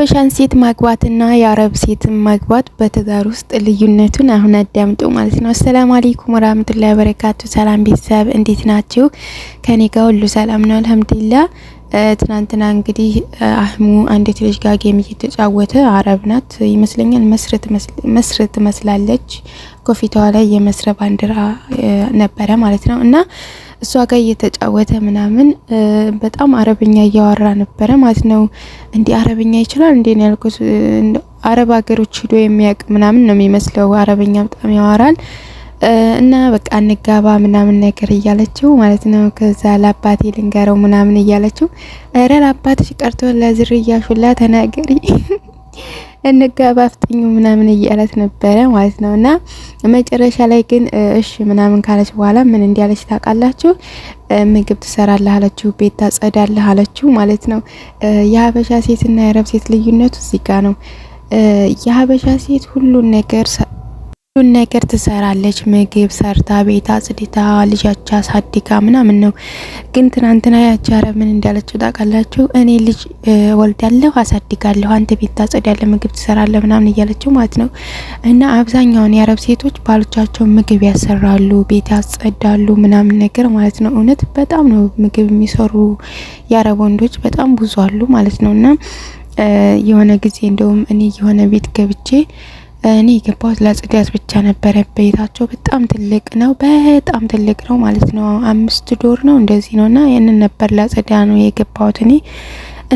የሀበሻን ሴት ማግባትና የአረብ ሴትን ማግባት በትዳር ውስጥ ልዩነቱን አሁን አዳምጡ ማለት ነው። አሰላሙ አሌይኩም ወራህመቱላሂ ወበረካቱ። ሰላም ቤተሰብ እንዴት ናችሁ? ከኔ ጋር ሁሉ ሰላም ነው አልሐምዱሊላህ። ትናንትና እንግዲህ አህሙ አንዲት ልጅ ጋር ጌም እየተጫወተ አረብ ናት ይመስለኛል፣ መስረ ትመስላለች። ኮፊቷ ላይ የመስረ ባንዲራ ነበረ ማለት ነው እና እሷ ጋር እየተጫወተ ምናምን በጣም አረብኛ እያወራ ነበረ ማለት ነው። እንዲህ አረብኛ ይችላል እንዴ ነው ያልኩት። አረብ ሀገሮች ሂዶ የሚያውቅ ምናምን ነው የሚመስለው። አረብኛ በጣም ያወራል እና በቃ እንጋባ ምናምን ነገር እያለችው ማለት ነው። ከዛ ለአባቴ ልንገረው ምናምን እያለችው ረ ለአባትሽ ቀርቶ ለዝርያሹላ ተናገሪ እንጋባ ምናምን እያለት ነበረ ማለት ነው። እና መጨረሻ ላይ ግን እሺ ምናምን ካለች በኋላ ምን እንዲያለች ታውቃላችሁ? ምግብ ትሰራለህ አለችው፣ ቤት ታጸዳለህ አለችው ማለት ነው። የሀበሻ ሴትና የአረብ ሴት ልዩነቱ እዚህ ጋ ነው። የሀበሻ ሴት ሁሉን ነገር ሁሉን ነገር ትሰራለች። ምግብ ሰርታ ቤት አጽድታ ልጃቻ አሳድጋ ምናምን ነው። ግን ትናንትና ያቻረ ምን እንዳለችው ታውቃላችሁ? እኔ ልጅ ወልዳለሁ አሳድጋለሁ፣ አንተ ቤት ታጽዳለህ፣ ምግብ ትሰራለህ ምናምን እያለችው ማለት ነው። እና አብዛኛውን የአረብ ሴቶች ባሎቻቸው ምግብ ያሰራሉ፣ ቤት ያጸዳሉ ምናምን ነገር ማለት ነው። እውነት በጣም ነው ምግብ የሚሰሩ የአረብ ወንዶች በጣም ብዙ አሉ ማለት ነው። እና የሆነ ጊዜ እንደውም እኔ የሆነ ቤት ገብቼ እኔ የገባሁት ለጽዳት ብቻ ነበረ። ቤታቸው በጣም ትልቅ ነው፣ በጣም ትልቅ ነው ማለት ነው። አምስት ዶር ነው እንደዚህ ነው እና ያንን ነበር ለጽዳ ነው የገባሁት እኔ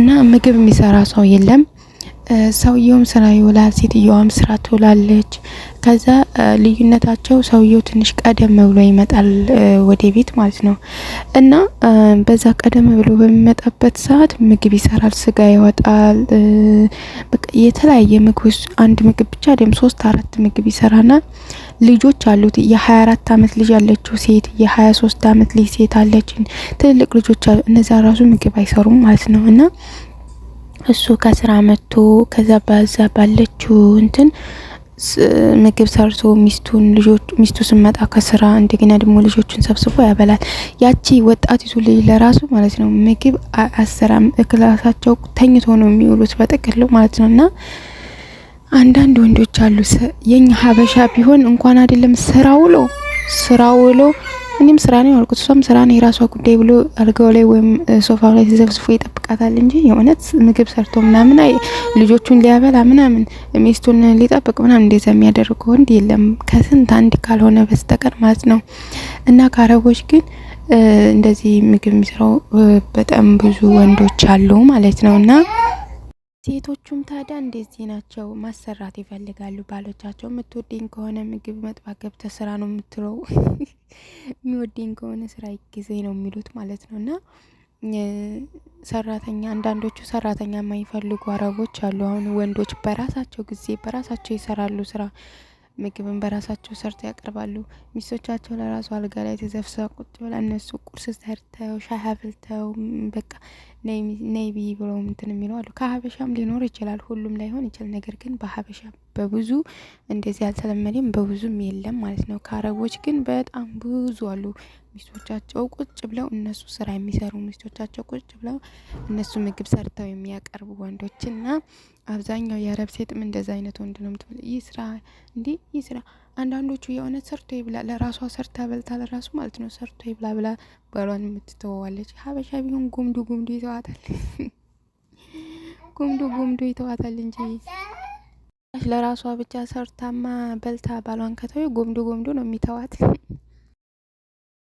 እና ምግብ የሚሰራ ሰው የለም ሰውየውም ስራ ይውላል፣ ሴትየዋም ስራ ትውላለች። ከዛ ልዩነታቸው ሰውየው ትንሽ ቀደም ብሎ ይመጣል ወደ ቤት ማለት ነው። እና በዛ ቀደም ብሎ በሚመጣበት ሰዓት ምግብ ይሰራል፣ ስጋ ይወጣል፣ የተለያየ ምግብ አንድ ምግብ ብቻ ደም ሶስት አራት ምግብ ይሰራና ልጆች አሉት። የሀያ አራት አመት ልጅ አለችው ሴት፣ የሀያ ሶስት አመት ልጅ ሴት አለች። ትልልቅ ልጆች አሉ። እነዛ ራሱ ምግብ አይሰሩም ማለት ነው እና እሱ ከስራ መጥቶ ከዛ ባዛ ባለችው እንትን ምግብ ሰርቶ ሚስቱን ልጆች ሚስቱ ስመጣ ከስራ እንደገና ደግሞ ልጆቹን ሰብስቦ ያበላል። ያቺ ወጣቲቱ ልጅ ለራሱ ማለት ነው ምግብ አሰራም። እክላሳቸው ተኝቶ ነው የሚውሉት በጥቅሉ ማለት ነው። እና አንዳንድ ወንዶች አሉ የኛ ሀበሻ ቢሆን እንኳን አይደለም ስራ ውሎ ስራ ውሎ እኔም ስራ ነው ያልኩት፣ እሷም ስራ ነው የራሷ ጉዳይ ብሎ አልጋው ላይ ወይም ሶፋው ላይ ሲዘፍዝፎ ይጠብቃታል እንጂ የእውነት ምግብ ሰርቶ ምናምን ልጆቹን ሊያበላ ምናምን ሚስቱን ሊጠብቅ ምናምን እንደዛ የሚያደርግ ወንድ የለም ከስንት አንድ ካልሆነ በስተቀር ማለት ነው። እና ከአረቦች ግን እንደዚህ ምግብ የሚሰራው በጣም ብዙ ወንዶች አሉ ማለት ነው እና ሴቶቹም ታዲያ እንደዚህ ናቸው፣ ማሰራት ይፈልጋሉ ባሎቻቸው። የምትወደኝ ከሆነ ምግብ መጥባ ገብተ ስራ ነው የምትለው፣ የሚወደኝ ከሆነ ስራ ጊዜ ነው የሚሉት ማለት ነው። እና ሰራተኛ አንዳንዶቹ ሰራተኛ የማይፈልጉ አረቦች አሉ። አሁን ወንዶች በራሳቸው ጊዜ በራሳቸው ይሰራሉ ስራ ምግብን በራሳቸው ሰርተው ያቀርባሉ። ሚስቶቻቸው ለራሱ አልጋ ላይ ተዘፍስፈው ቁጭ ብላ እነሱ ቁርስ ሰርተው ሻይ አፍልተው በቃ ነይ ብይ ብለው እንትን የሚለው አሉ። ከሀበሻም ሊኖር ይችላል፣ ሁሉም ላይሆን ይችላል። ነገር ግን በሀበሻ በብዙ እንደዚህ አልተለመደም፣ በብዙም የለም ማለት ነው። ከአረቦች ግን በጣም ብዙ አሉ። ሚስቶቻቸው ቁጭ ብለው እነሱ ስራ የሚሰሩ ሚስቶቻቸው ቁጭ ብለው እነሱ ምግብ ሰርተው የሚያቀርቡ ወንዶች እና አብዛኛው የአረብ ሴትም እንደዚ አይነት ወንድ ነው ይህ ስራ እንዲህ ይህ ስራ አንዳንዶቹ የእውነት ሰርቶ ይብላ ለራሷ ሰርታ በልታ ለራሱ ማለት ነው ሰርቶ ይብላ ብላ ባሏን የምትተወዋለች። ሀበሻ ቢሆን ጉምዱ ጉምዱ ይተዋታል፣ ጉምዱ ጉምዱ ይተዋታል እንጂ ለራሷ ብቻ ሰርታማ በልታ ባሏን ከተው ጎምዶ ጎምዶ ነው የሚተዋት።